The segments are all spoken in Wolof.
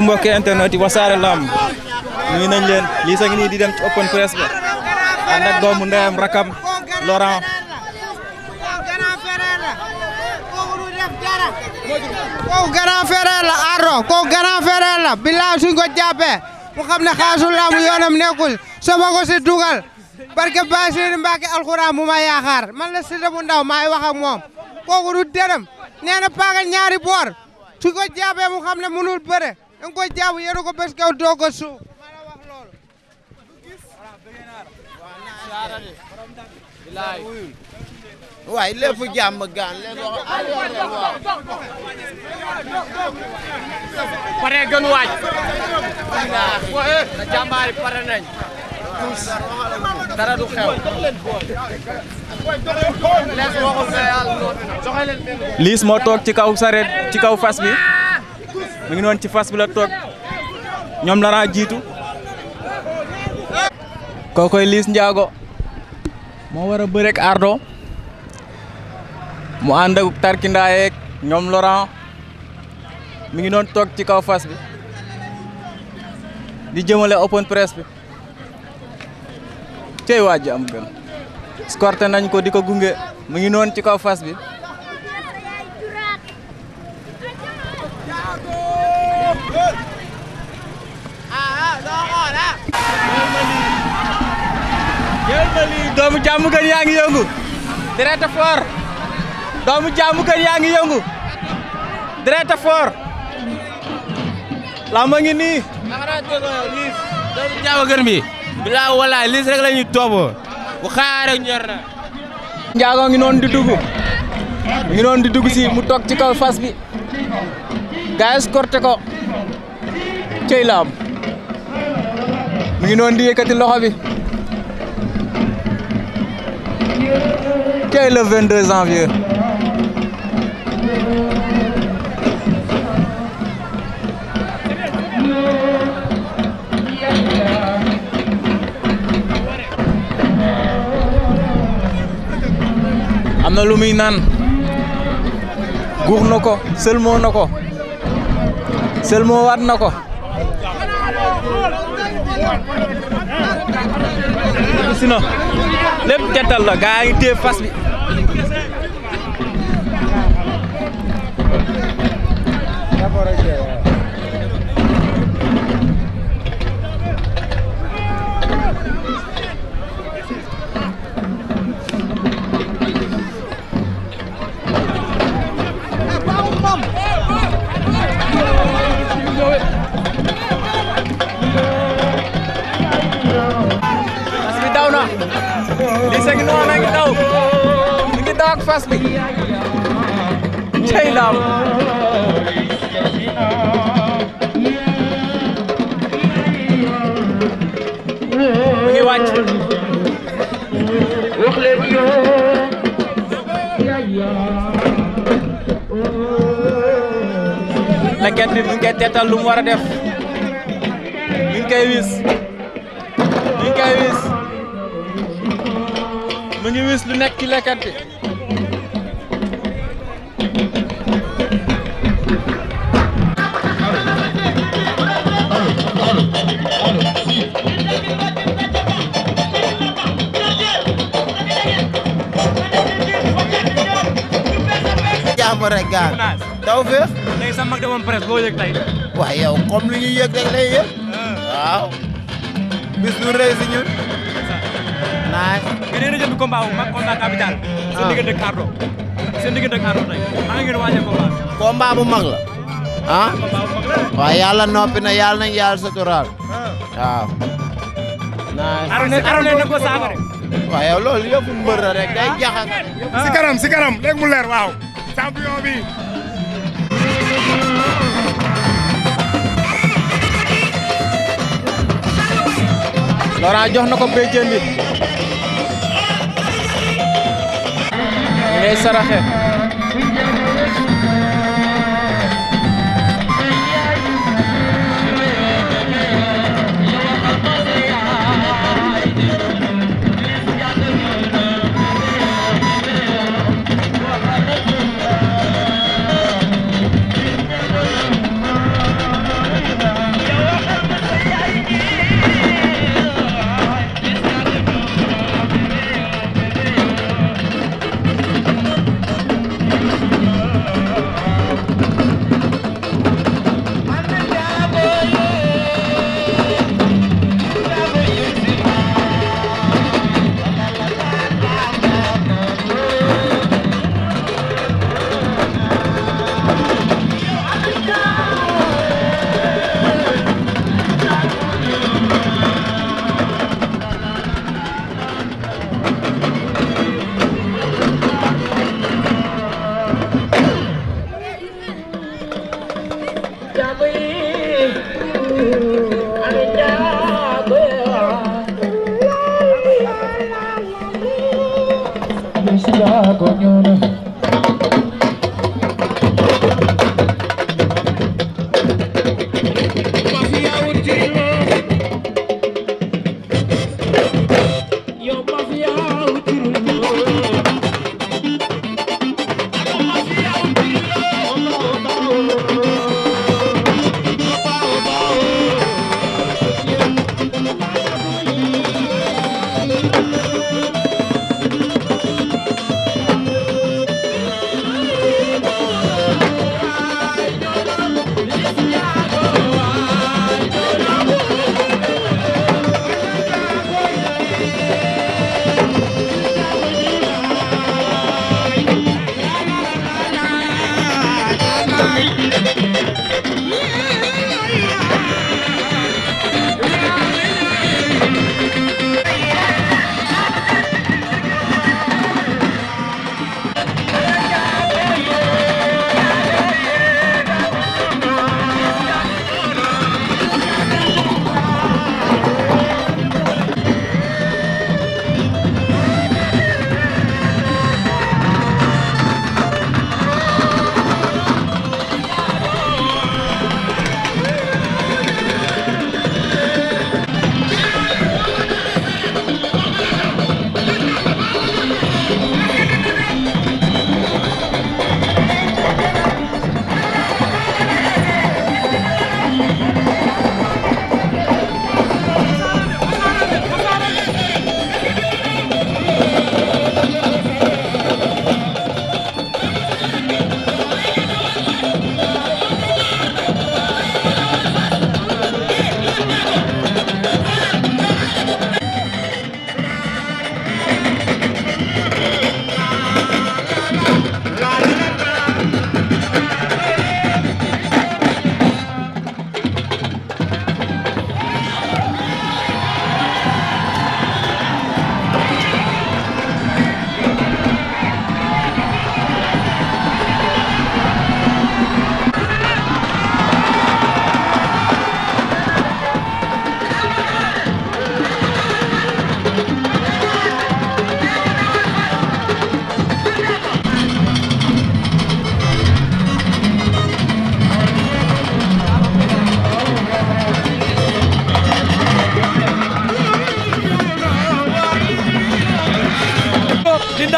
kow grand frère kow grand frère suñ ko jàppee mu xam ne xaasu laamu yoonam nekkul sama ko si dugal barke Baay Sëriñ alxuraan mu ma yaakaar man la Siteu ndaw maay wax ak moom kooku du dërëm nee na paaka ñaari boor suñ ko jàppee mu xam ne mënul bëre da nga koy jaamu yéen ko bés kaw doo ko suuf ma la wax loolu. waay lépp jàmm gaan leen wax pare gën waaj. na jàmbaari pare nañ. dara du xew. liis moo toog ci kaw sareet ci kaw fas bi. mu ngi noonu ci fas bi la toog ñoom la raa jiitu kookoy liis njaago moo war a bëreek Ardo mu ànd ak tarkindaa ñoom Laurent mi ngi doon toog ci kaw fas bi di jëmale open press bi cey waa ji am nañ ko di ko gunge mu ngi noon ci kaw fas bi jël ma lii doomu jàmm gën yaa ngi yëngu direct doomu jàmm gën yaa ngi yongu direct fort ngi nii xanaa déggoo yow liis doomu jàmm gën bi bilaa walaay liis rek la ñuy topp bu xaare ñor na njaago ngi noonu di dugg noonu di dugg mu toog ci kaw fas bi gaa escorté ko cey laam mu noonu di yëkkati loxo bi tey le 22 janvier. am na lu muy naan guux na ko sëlmoo na ko sëlmoo waat na ko. si na lépp tettal la gaa yi téye fas bi face bi laam mu ngi wàcc wax bi mu ngi teetal lu war a def mi ngi koy wis mu ngi wis lu nekk ci leket bi jàmm rek gaal taw féex. léegi sa waaw bis du rëy si ñun. naaj. nga ne jënd combat bu mag combat capital. Ah. la. ah. waaw yàlla noppi na yàlla nañ yàlla suturaal. Ah. waaw. naaj. Ardo Ardo na ko loolu yëpp mbër la rek day jaxas. si kanam si kanam léegi mu leer waaw. champion bi. Laurent jox na ko béjjén bi. ngay saraxe. ko ñuuna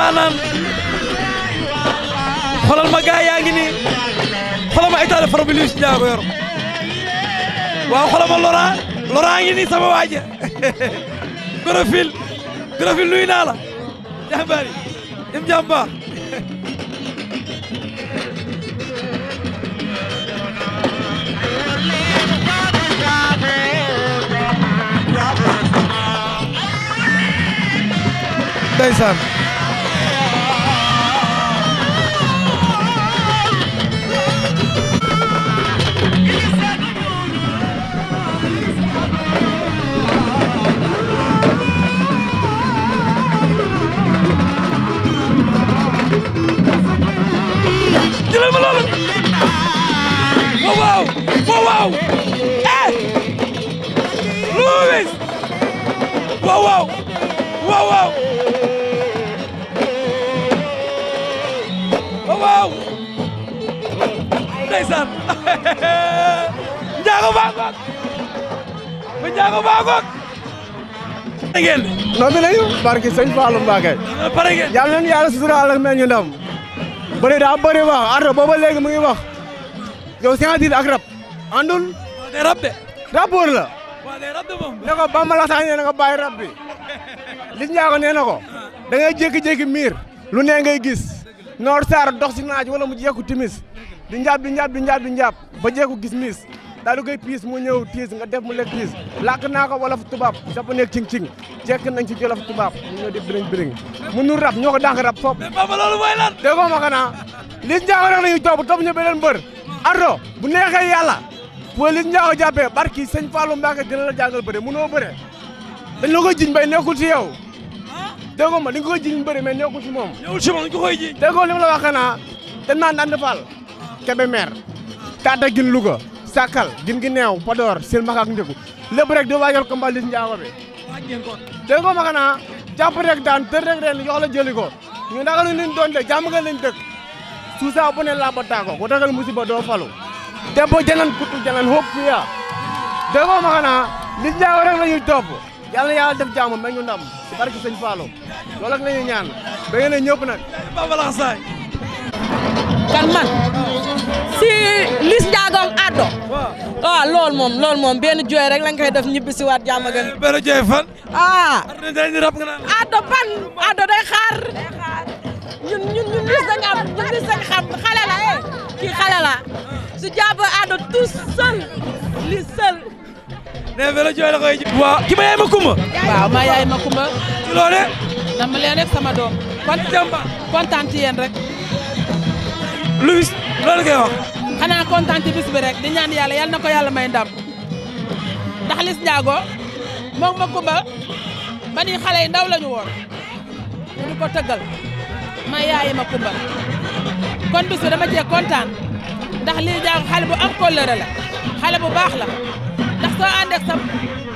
ndaanaan xolal ma gaa yaa ngi nii xolal ma état de forme bi Liss Ndiago yor waaw xolal ma sama waaje Gorofil Gorofil nuyu naa la jàmbaar yi dem jàmbaar ndeysaan jëlal ma loolu waaw waaw waaw waaw eh Louis waaw waaw njaago baagoog ba njaago baagoog ngeen no barki sëñ Fallou Mbacké pare ngeen yàlla na yàlla suturaal ak ñu ndam bëri daa bëri wax Ardo booba léegi mu ngi wax yow c'est-à-dire ak rab àndul. rab de. la. waaw day rab de moom. ne ma la sax na nga bàyyi rab bi li njaago nee na ko da ngay jékki-jékki miir lu ne ngay gis noor saar dox si naaj wala mu jékku timis di njàpp di njàpp di njàpp di ba jékku gis miis. daal di koy piis mu ñëw tiis nga def mu lekk tiis làkk naa ko wolof tubaab sa bu nekk jekk nañ ci jolof tubaab mu ñëw di biriñ biriñ mu nu rab ñoo ko dànk rab foofu baba loolu mooy lan déggoo ma xanaa Liss Ndiago rek nañu topp topp ñu beneen mbër ardo bu neexee yàlla pour Liss Ndiago jàppee barki sëñ Fallou Mbacke dina la jàngal bëre mënoo bëre dañ la koy jiñ bay nekkul ci yow déggoo ma li nga koy jiñ bëre mais nekkul ci moom nekkul ci moom ko koy jiñ déggoo li ma la wax xanaa dañ naan dand Fall Kébémer Tataguine Louga sàkkal gin gi neew Podor Silmaxa ak Njëgu lépp rek di waajal combat Liss Ndiago bi dégg nga ma xanaa jàpp rek daan tër rek reen yox la ko ñu naka lu leen doon de jàmm nga leen dëkk suusa bu ne laba taako ko tagal musiba doo falu debbo janan kuttu janan hop fiya dégg nga ma xanaa Liss Ndiago rek la ñuy topp yàlla na yàlla def jàmm may ndam si barke sëñ Fallou loolu ak la ñuy ñaan ba ngeen ñëpp ak man si Liss Ndiago addo waaw ah, loolu moom loolu moom benn jooy rek lañ koy def ñibbi si waat jàmm gan. addo ban addo day xaar ñun ñun ñun Liss dañ am ñun Liss la eh kii xale la su jàppee addo tout seul Liss seul. nee jooy la koy ji. yaay ma kumba. waaw ma yaay ma kumba. ci loolee. dama leen rek sama doom. kontaan kontaan ci yéen rek. Louis loolu ngay wax. xanaa kontaan ci di ñaan yàlla yal na ko yàlla may ndam ndax Liss Ndiago moom ma Kumba ba ni xale yi ndaw lañu woon ko tëggal ma yaayi ma Kumba kon bis bi dama cee kontaan ndax Liss Ndiago xale bu am kóllëre la xale bu baax la ndax soo ànd ak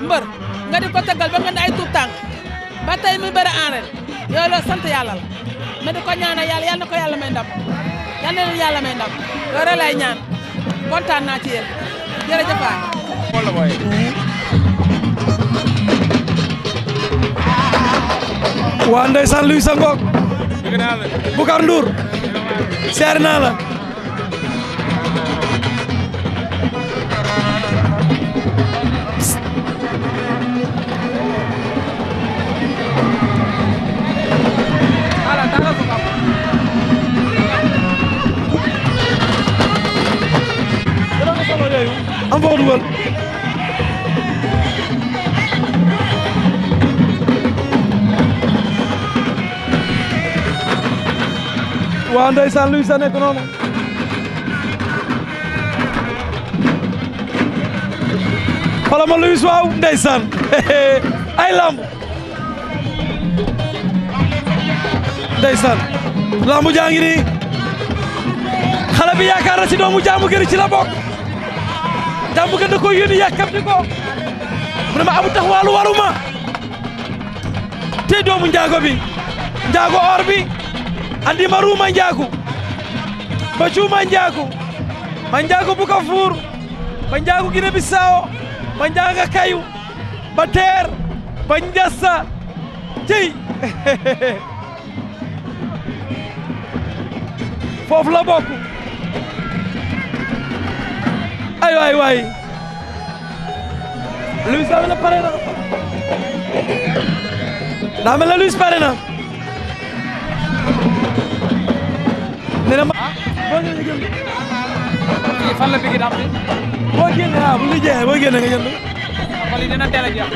mbër nga di ko tëggal ba nga ne ay tuut tànk ba tey mi bëri en ren yow loolu sant yàlla la ma ko ñaanal yàlla yal ko yàlla may ndam. yal na leen yàlla may ndam loolu ñaan kontaan naa ci yéen jërëjëf waay. wala booy. waa ndeysaan luy sa ngoog. Boucar naa la. am fa ko dugal waa ndeysaan luy sa noonu xoolal ma luy waaw ndeysaan ay lamb ndeysaan lamb jaa ngi nii xale bi yaakaar na ci doomu jaamu gëri ci la bokk jàmm gën da ko yéene yàkkamti ko mu ne ma abu tax waalu waruma te doomu njaago bi njaago or bi andi ma ruuma njaagu ma cuuma njaagu ma njaagu buka fuur ma njaagu gine bi saawo ma njaaga kayu ba teer ba njassa jey foofu la bokk ay waay waay Luis daa mel ne pare na daa mel ne Luis pare na nee na ma boo ñëwee jënd fii fan la bigi dam bi boo génne ah bu ñu jeexee boo génne nga jënd xol yi dina teel a jeex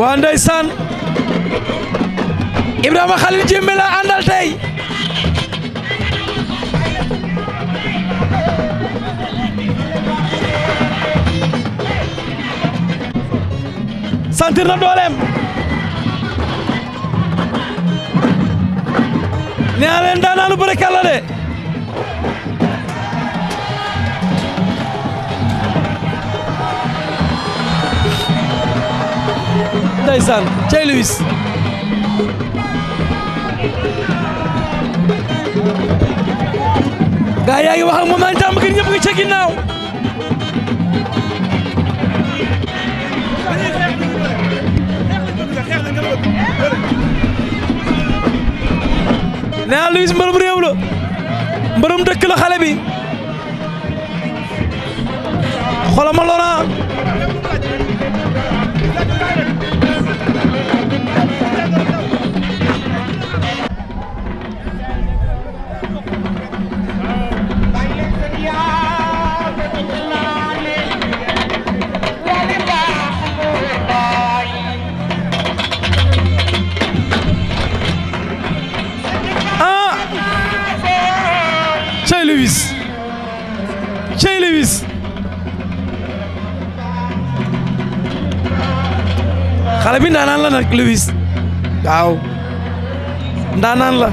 waa ndeysaan Ibrahima Khalil Djimbe la àndal tey sentir na dooleem nee na leen daan lu bëri kàlla de ndeysaan cey Luis gaa yaa ngi wax ak moom naan jàmm gi ñëpp ngi ca ginnaaw nee naa Louis mbërëm réew la mbërëm dëkk la xale bi xolama xale bi ndaanaan la nag Lewis waaw ndaanaan la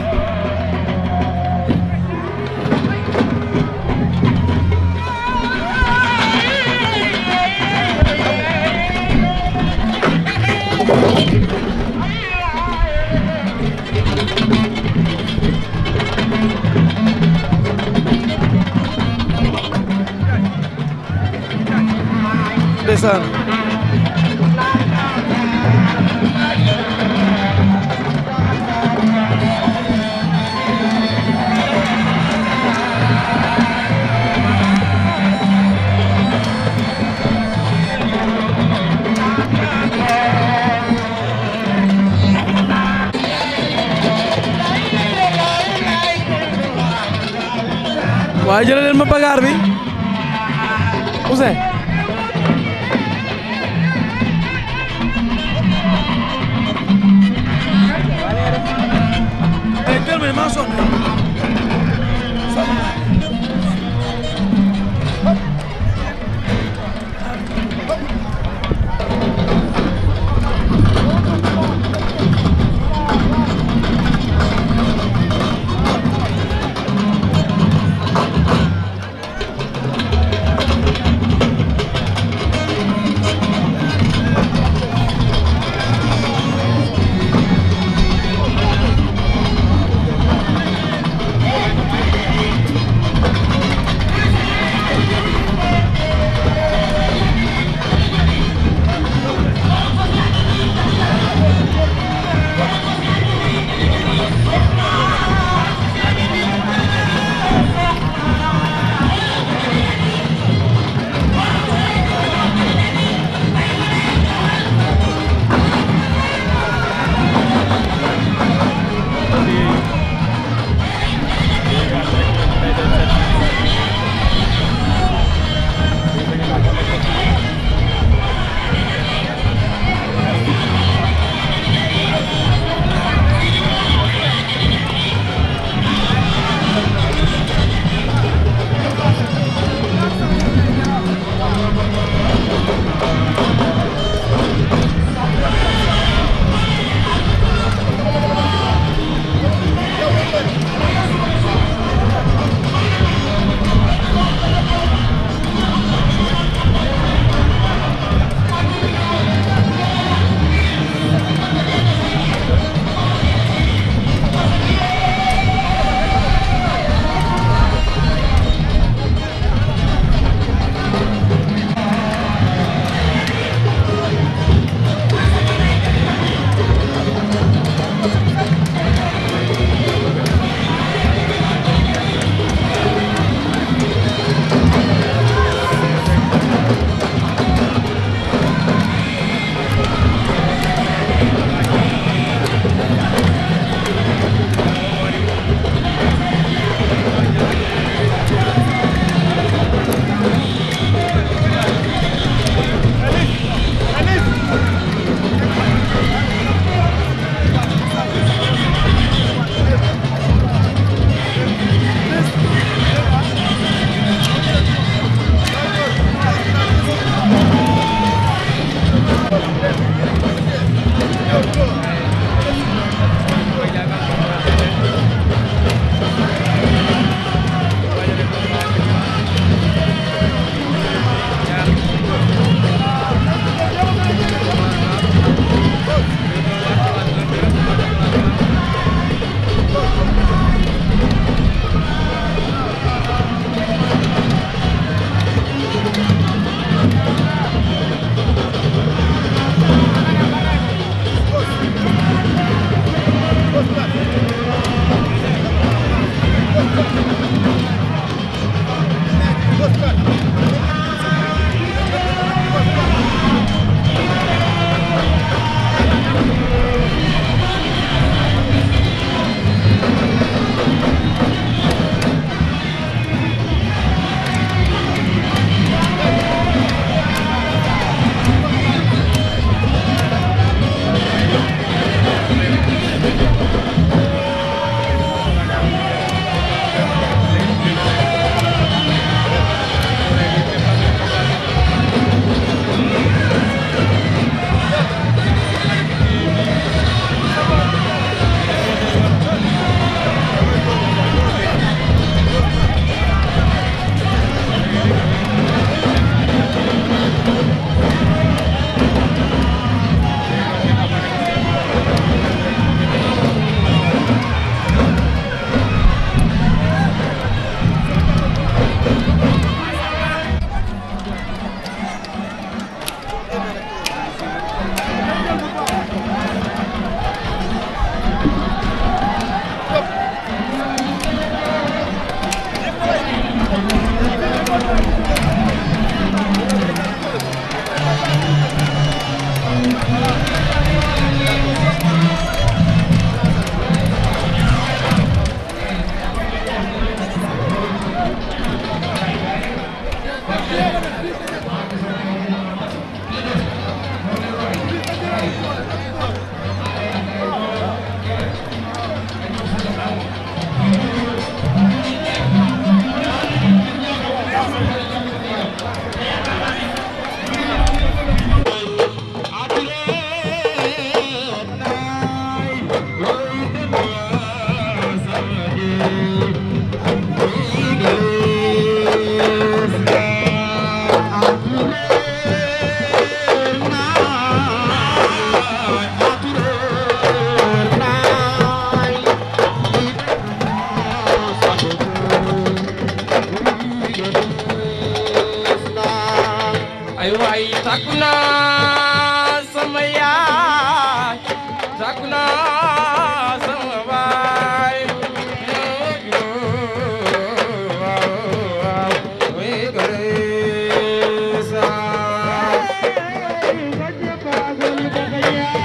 waaye jëlee leen ma bagaar bi Ousseyn. Eh,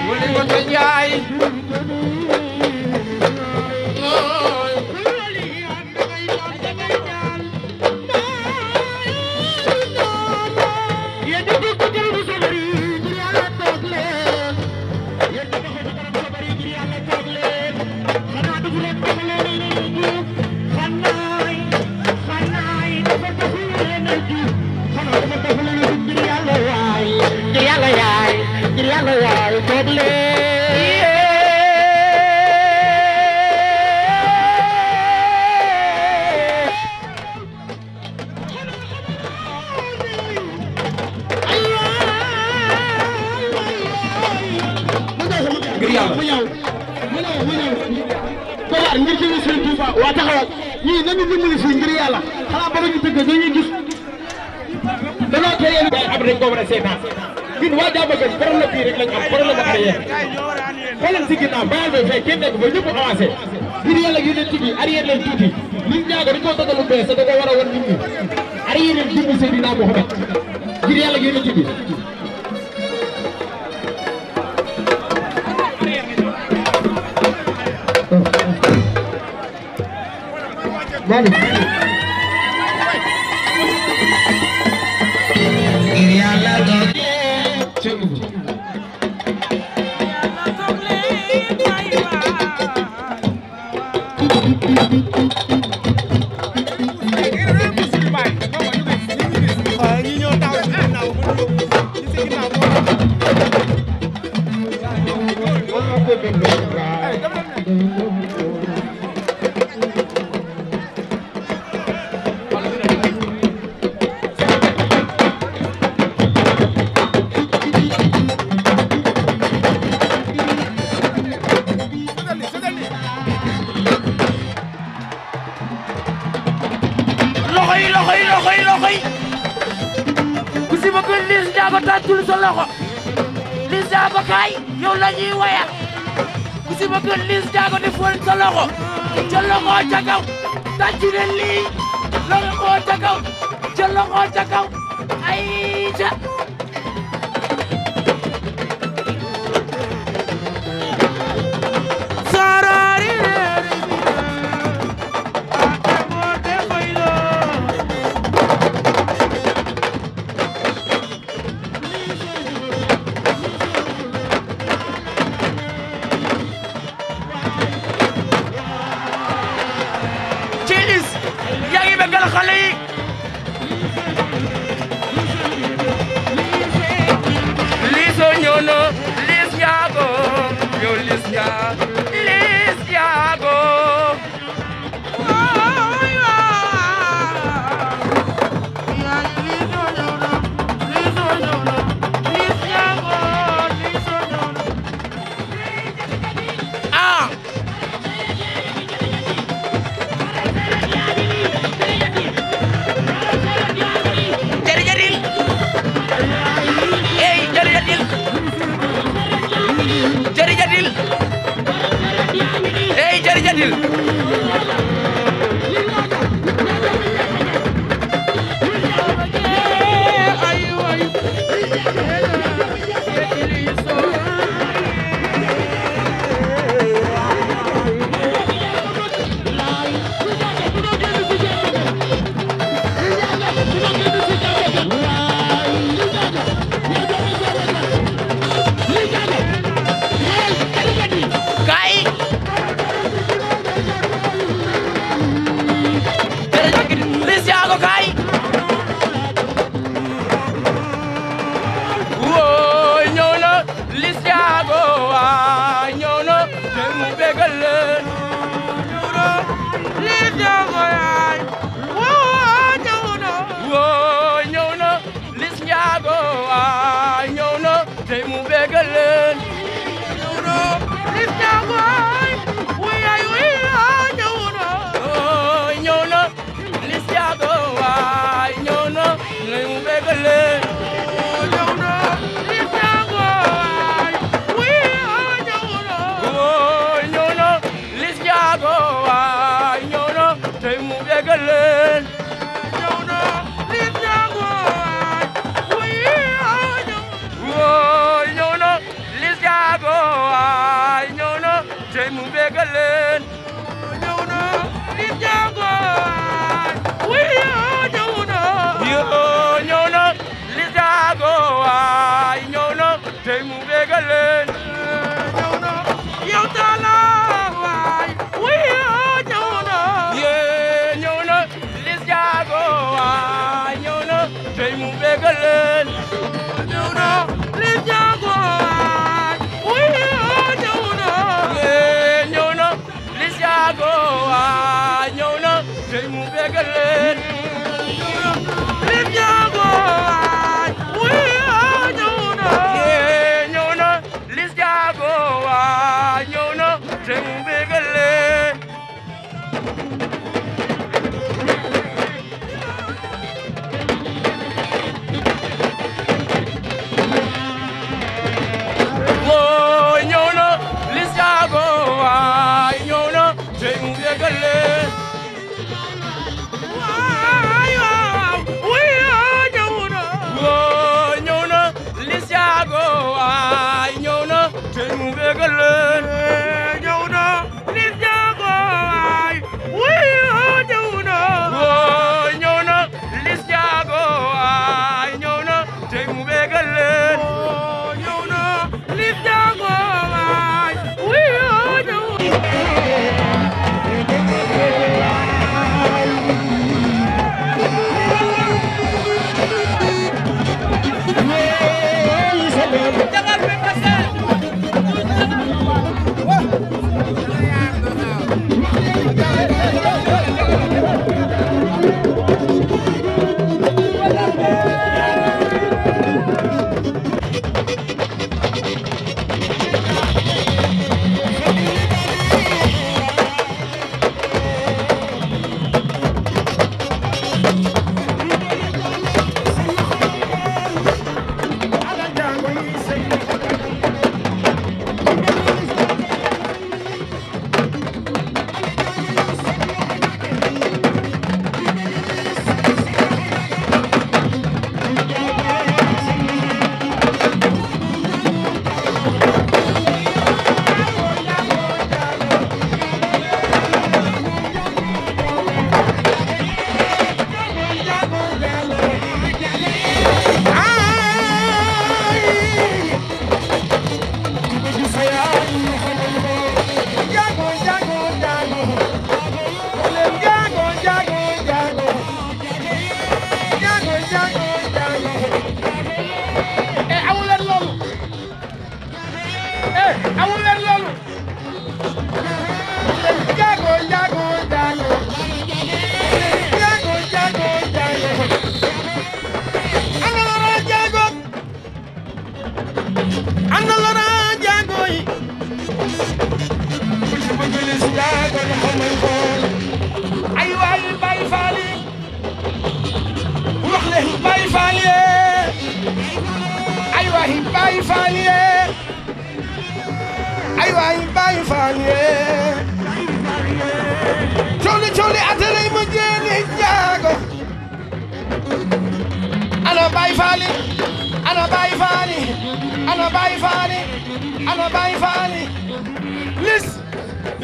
wuli ko njaay ay waay baay faal yee cooli cooli atalay mu jeeni jaago ana baay faali ana baay faali ana baay faali lis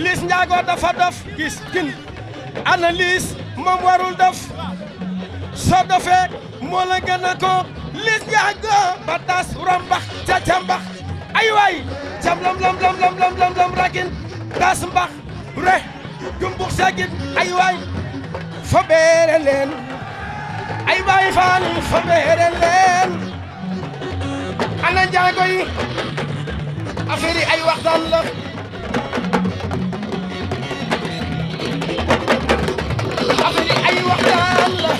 lis njaago dafa dof kin ana lis moom warul dof soo dofee moo a ko lis yàgga ba tas rambax ca ca mbax ay waay cam lam lam lam lam lam lam lam mbax re jumbux sagit ay waay fa beere leen ay waay faan fa beere leen ana njaago yi ay waxtaan la affaire ay waxtaan la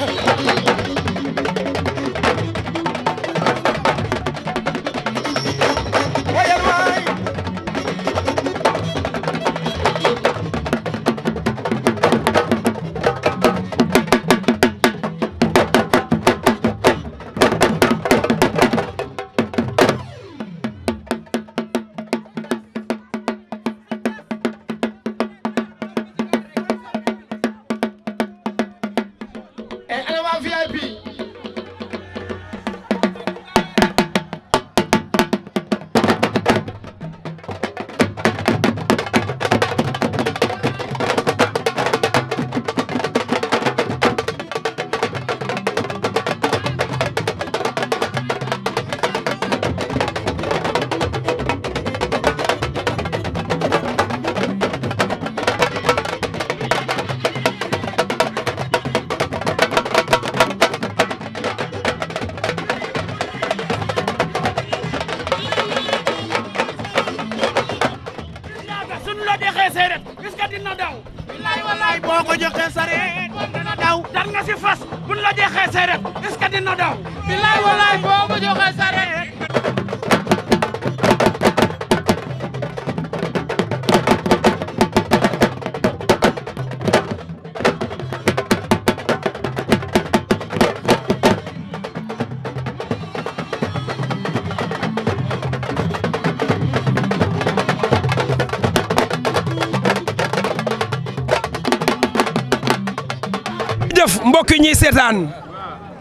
seetaan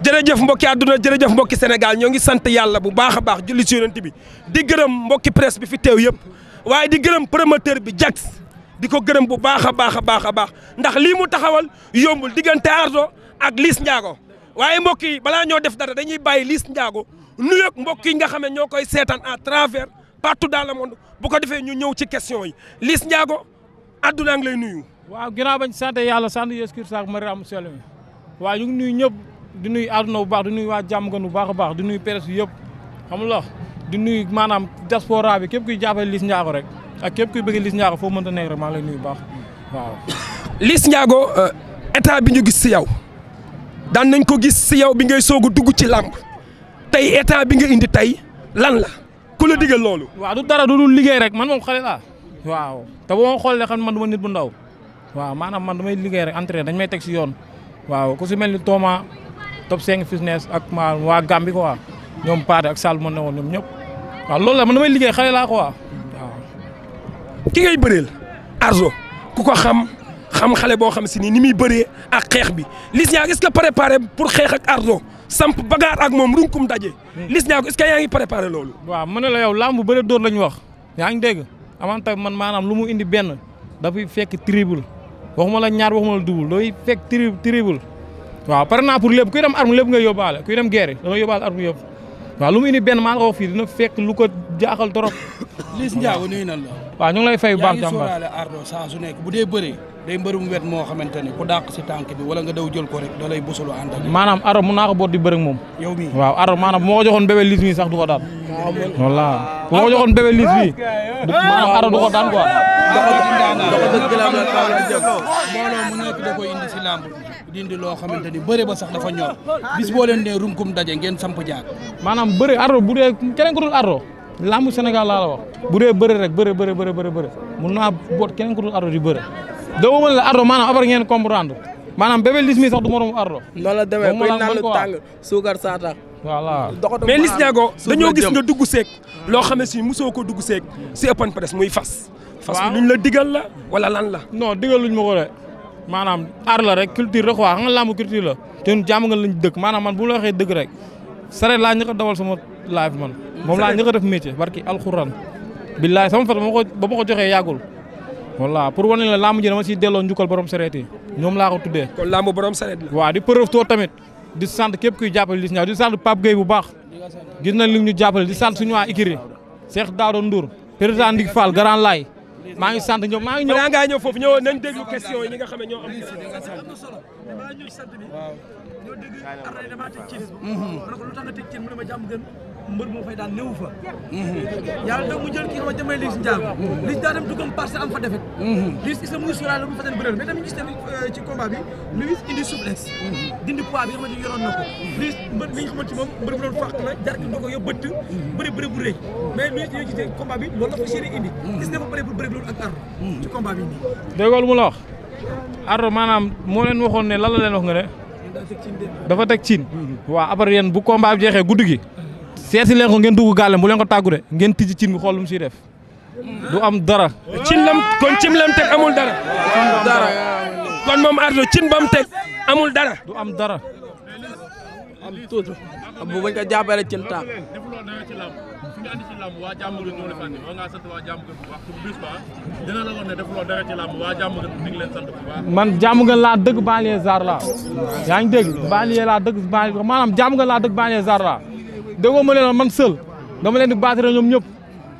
jërëjëf mbokki àdduna jërëjëf mbokki Sénégal ñoo ngi sant yàlla bu baax a baax julli ci yonent bi di gërëm mbokki presse bi fi teew yëpp waaye di gërëm promoteur bi Jax di ko gërëm bu baax a baax a baax a baax ndax lii mu taxawal yombul diggante Ardo ak Liss Ndiago waaye mbokk yi balaa ñoo def dara dañuy bàyyi liis Ndiago nuyoog mbokk yi nga xam ne ñoo koy seetaan à travers partout dans le monde bu ko defee ñu ñëw ci question yi Liss Ndiago àdduna ngi lay nuyu. waaw ginnaaw bañ sant yàlla sant Yeesu Kirist ak Mariam Selemi waa ñu nuyu ñëpp di nuyu àdduna bu baax di nuyu waa jàmm gan bu baax a baax di nuyu presse bi yëpp xam di nuyu maanaam diaspora bi képp kuy jàppale Liss Ndiago rek ak képp kuy bëgg Liss Ndiago foo mënta nekk rek maa ngi nuyu baax waaw. Liss Ndiago euh, état bi ñu gis si yow daan nañ ko gis si yow bi ngay soog a dugg ci làmb tey état bi nga indi tey lan la ku la digal loolu. waaw du dara du liggéey rek man moom xale laa waaw te boo ma xoolee xam man du ma nit bu ndaw waaw maanaam man damay liggéey rek entraîné dañ may teg si yoon. waaw ko si mel ni Thomas top 5 fitness ak ma waa ko quoi ñoom Paate ak Sall mën na woon ñoom ñëpp waaw loolu la mën man damay liggéey xale laa quoi waaw. ki ngay bëreel Arzo ku ko xam xam xale boo xam si ni ni muy bëree ak xeex bi Liss Ndiago est-ce que pour xeex ak Arzo samp bagaar ak moom runkum daje. Hmm. Liss Ndiago est ka que yaa ngi préparé loolu. waaw mën na la yow lamb bu bëre dóor la ñu wax yaa ngi dégg amanta man maanaam lu mu indi benn dafay fekk tribul waxuma la ñaar waxuma la double looy fekk tri triple waaw pare naa pour lépp kuy dem arme lépp nga yóbbaale kuy dem guerre da nga yóbbaale arme yëpp waaw lu mu indi benn maa nga wax fii dina fekk lu ko jaaxal torop Liss Ndiago nuyu na la waaw ñu ngi lay fay bu baax nekk bu dee bëri day mbërum wet moo xamante ni ku dàq si tànk bi wala nga daw jël ko rek da lay busulu àndal maanaam ardo mun naa ko boot di bëri moom yow mii waaw ardo maanaam bu ko joxoon bébé Liss sax du ko daal walla boo ko joxoon bébé liis bi maanaam ara du ko daan quoi. mbooloo mu nekk da indi si làmb dindi loo xamante ni bëre ba sax dafa ñor bis boo leen nee runkum daje ngeen samp jaag. maanaam bëre ardo bu dee keneen ko dul ardo laa la wax bu dee bëre rek bëre bëre bëre bëre bëre mun naa boot keneen ko dul ardo di bëre. doo mën la ardo maanaam après ngeen comprendre maanaam bébé liis mi sax du moromu ardo. noonu la demee kuy naan tàng suukar saa voilà mais Liss Ndiago dañoo gis nga dugg seek loo xam ne si mosoo ko dugg seeg si open press muy fas fas bi luñ la diggal la wala lan la non digal luñ ma ko de maanaam aar la rek culture rek waa xam nga culture la te ñun jàmm nga lañ dëkk maanaam man bu la waxee dëgg rek sareet laa ñu ko dawal sama live man moom laa ñu ko def métier barki alxuraan billaay sama fas ba ma ko joxee yàggul voilà pour wane la làmb ji dama delloo njukkal borom sareet yi ñoom laa ko tuddee kon làmb borom sareet la waaw di tamit di sant képp kuy jàppale Liss Ndiago di sant Pape Gueye bu baax gis nañ li ñu jàppale di sant suñu waa Ikiri Cheikh Daouda Ndour président Ndik Fall Grand Laye maa ngi sant ñoom maa ngi ñëw balaa ngaa ñëw foofu ñëw nañ déglu question yi ñi nga xam ne ñoo am waaw. mbër moo fay daan néew fa mhm. yàlla da mu jël ki xamante may Liss Ndiago mhm. Liss daa dem duggam parce que am fa defet mhm. Liss isa muy sura la mu fa seen bërër mais tamit gis tamit euh, ci combat bi Liss indi souplesse dindi poids bi nga xamante yoroon na ko Liss mbër bi nga xamante moom mbër bu doon fàq la jarki do ko yow bëtt bëri bëri bu rëy mais Liss ñoo gisee combat bi loolu la fa chéri indi gis nga fa bëri bu bëri loolu ak arro ci combat bi nii déggool mu la wax arro maanaam moo leen waxoon ne lan la leen wax nga ne dafa teg ciin waaw après yéen bu combat bi jeexee guddi gi seeti leen ko ngeen dugg gàllam bu leen ko tàggu de ngeen tijji cin bi xool lu mu siy def du am dara. cin lam kon cin lam teg amul dara. amul dara kon moom cin ba teg amul dara. du am dara. am tuuti bu bañ ko jàppee rek cin taam. waaw andi ci làmb waa ngi leen sant bu laa dëgg banlieue zar laa yaa ngi dégg laa dëgg banlieue maanaam jàmm gën laa dëgg banlieue laa déggoo ma leen man seul dama leen di battre ñoom ñëpp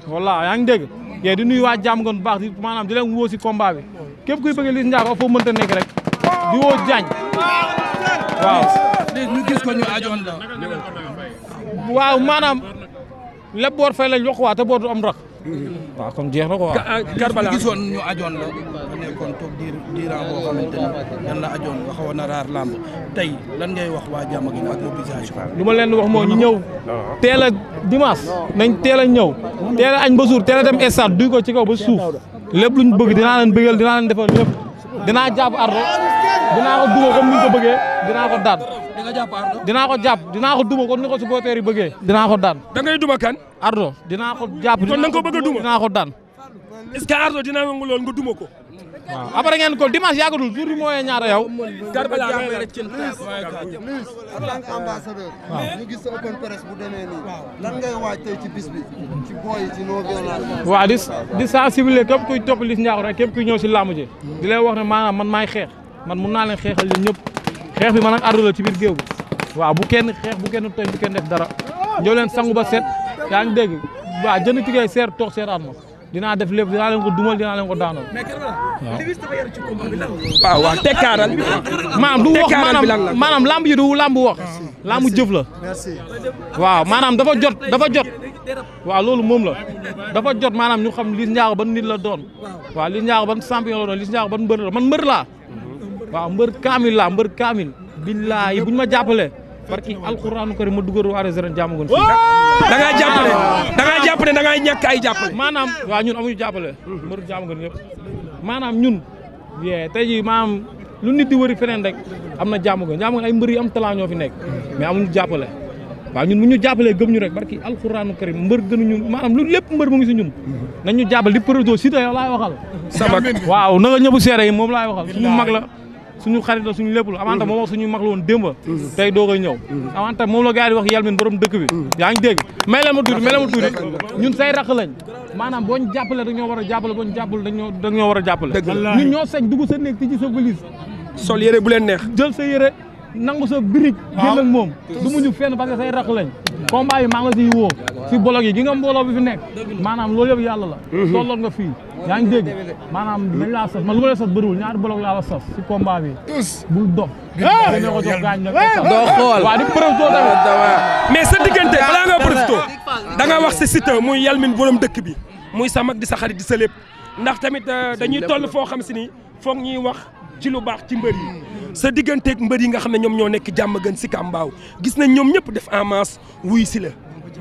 voilà yaa ngi dégg yee di nuyu waa jàmm goon bu baax di maanaam di leen woo si combat bi képp kuy bëgg Liss Ndiago foo mënta nekk rek di woo Diagne waaw ñu gis ko ñu ajoon waa te boor du rak waaw comme jeex na ko nekkoon toog diir diiraan boo xamante ni la tey lan ngay wax waa jàmm gi ak ma leen wax moo ñu ñëw. teel a dimanche nañ teel a ñëw. teel a añ ba suur dem stade duy ko ci kaw ba suuf lépp luñ bëgg dinaa leen bëggal dinaa leen defal lépp dinaa jàpp ardo dinaa ko duma comme ni ñu bëggee dinaa ko daan. dinaa ko jàpp dinaa ko duma comme ni ko supporters yi bëggee. ko daan. da ngay duma kan. ardo dinaa ko jàpp. kon na ko bëgg a duma dinaa ko daan. est nga duma ko. waaw après ngeen ko dimanche yàggatul jour bi mooy ñaata yow. Garba Diambé rek ci Liss en tant gis sa open press bu demee nii. lan ngay waaj ci bis bi. ci booy ci non violence. waaw di di sensibiliser képp kuy topp Liss Ndiago rek képp kuy ñëw si làmb ji. di lay wax ne maanaam man maa xeex man mun naa leen xeexal yéen ñëpp xeex bi man ak àdduna ci biir bi. waaw bu kenn xeex bu kenn tooñ bu kenn def dara. ñëw leen sangu ba set yaa ngi dégg waa jënd tigay seer toog seer at ma. dinaa def lépp dinaa leen ko dumal dinaa leen ko daanoo. waaw waaw tekkaaral. maanaam du wax maanaam maanaam lamb yi du lamb wax. lamb jëf la. waaw maanaam dafa jot dafa jot. waaw loolu moom la dafa jot maanaam ñu xam Liss Ndiago ban nit la doon. waaw Liss Ndiago ban champion la doon Liss Ndiago ban mbër la man mbër laa. waaw mbër kaamil laa mbër kaamil. billaahi buñ ma jàppale barki alxuraanu karim ma dugal waa réserve jàmmagoon fii. da ngaa ah. jàppale da ngaa jàppale da ngaa ay jàppale. maanaam waaw ñun amuñu jàppale. mbëru jàmmagoon yëpp maanaam ñun. tey jii maanaam lu nit di wëri feneen rek am na jàmmagoon jàmmagoon ay mbër yu am talent ñoo fi nekk mais amuñu jàppale. waaw ñun mu ñu jàppalee gëm ñu rek barki alxuraanu karim mbër gënuñu maanaam lu lépp mbër mu ngi si ñun nañu jàppale di projet si yow laay waxal. waaw na nga ñëbu seere yi moom laay waxal suñu mag la suñu xarit la suñu lépp la avant moom suñu mag la woon démba tey doog a ñëw avant moom la gars wax yal min borom dëkk bi yaa ngi dégg may leen ma tuuti may ma tuuti ñun say rakk lañ maanaam boo ñu jàppale dañoo war a jàppale boo ñu jàppale dañoo dañoo war a jàppale ñun ñoo sañ dugg sa néeg ti ci sa valise sol yére bu leen neex jël sa yére nangu sa birig ah. génn ak moom du muñu fenn parce que say rakk lañ combat yi maa nga siy woo si bolog yi gi nga mbooloo bi fi nekk maanaam loolu yëpp yàlla la mhm. tolloon nga fii yaa ngi dégg maanaam dañ laa sas man lu ma la sas bëriwul ñaari bolog laa la sas si combat bi bul dox mais sa diggante balaa nga profito da nga wax si Siteu muy Yalmin borom dëkk bi muy sa mag di sa xarit di sa lépp ndax tamit euh, dañuy toll foo xam si ni foog ñuy wax ci lu baax ci mbër yi sa digganteeg mbër yi nga xam ne ñoom ñoo nekk jàmm gën si kàmbaaw gis nañ ñoom ñëpp def en wuy si la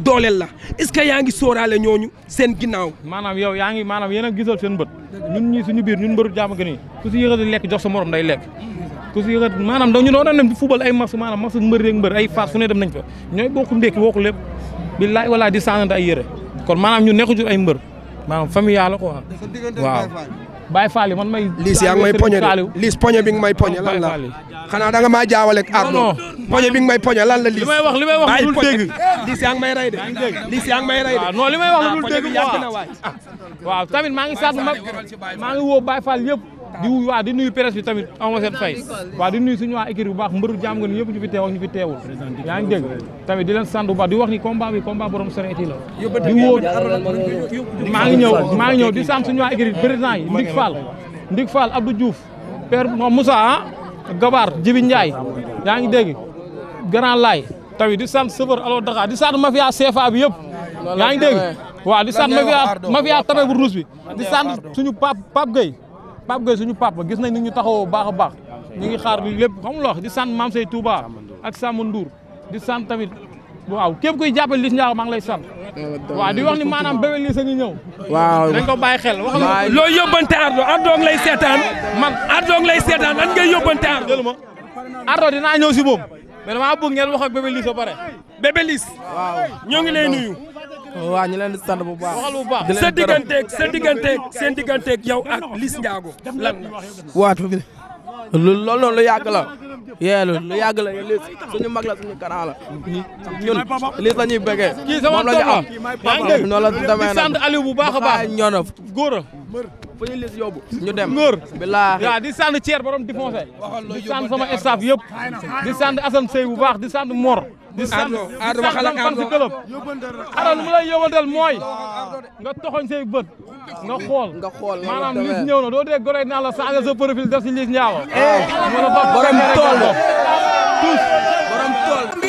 dooleel la est yaa ngi sóoraale ñooñu seen ginnaaw. maanaam yow yaa ngi maanaam yéen a gisal seen bët ñun ñii suñu biir ñun mbëru jàmm gën yi ku si yëngati lekk jox sa morom day lekk. ku si yëngati maanaam dañu doon dem di football ay match maanaam match mbër yeeg mbër ay phase fu ne dem fa ñooy bokku ndékki wokku lépp billaay walaay di sànnante ay yëre kon maanaam la quoi waaw Baye Fall man may. liis yaa ngi may poñe de liis poñe bi nga may poñe lan la xanaa da nga maa jaawale ak Ardo poñe bi nga may poñe lan la liis. li may wax li may wax lu dul dégg liis yaa ngi may rey de. liis yaa ngi may rey de. waaw non li may wax lu dul dégg waaw waaw tamit maa ngi sant ma maa ngi woo Baye Fall yëpp. di waa di nuyu presse bi tamit ama seen fay waaw di nuyu suñu waa bu baax mbëru jaam nga yëpp ñu fi teew ak ñu fi teewul yaa ngi dégg tamit di leen sant bu baax di wax ni combat bi combat borom sereeti di woo maa ngi ñëw maa ngi ñëw di sant suñu waa équipe président yi Ndik Fall Ndik Fall Abdou Diouf père moom Moussa ah Gabar Jibi Ndiaye yaa ngi dégg Grand Laye tamit di sant chauffeur Alo Dakar di sant mafia CFA bi yëpp yaa ngi dégg waa di sant mafia mafia tabe bu ruus bi sant suñu Pape Pape Gueye Pape Gueye suñu papa gis nañ ni ñu taxawoo baax a baax ñu ngi xaar lépp xam nga wax di sant Mame Sey Touba ak Samba Ndour di sant tamit waaw képp kuy jàppale Liss Ndiago maa man lay sant. waaw di wax ni maanaam bébé Liss a ngi ñëw. waaw ko bàyyi xel wax nga. loo yóbbante Ardo Ardo lay seetaan. man Ardo lay seetaan lan ngay yóbbante Ardo. Ardo dinaa ñëw si moom. mais damaa bëgg ngeen wax ak bébé Liss ba pare. bébé Liss. ñoo ngi lay nuyu. waaw ñu leen di sant bu baax. waxal bu baax sa digganteeg sa digganteeg seen digganteeg yow ak Liss Ndiago lan la. waaw loolu noonu lu yàgg la. yee lu yàgg la Liss la mag la suñu kanam la ñun Liss la ñuy bëggee. kii sama tool la kii noonu la demee nag sant bu baax a baax ñoo na góor a fu ñu Liss ñu dem ngóor billaahi waaw di sant Thierre borom di foncé di sant sama staff yëpp di sant Assane Seye bu baax di sant Mor. di sant di sant fan si club Ada lu mu lay yóbbantal mooy nga toxoñ say bët nga xool. nga xool maanaam Liss ñëw na doo dee gore naa la changer sa profil def si Liss Ndiago. Eh, borom tool borom tool.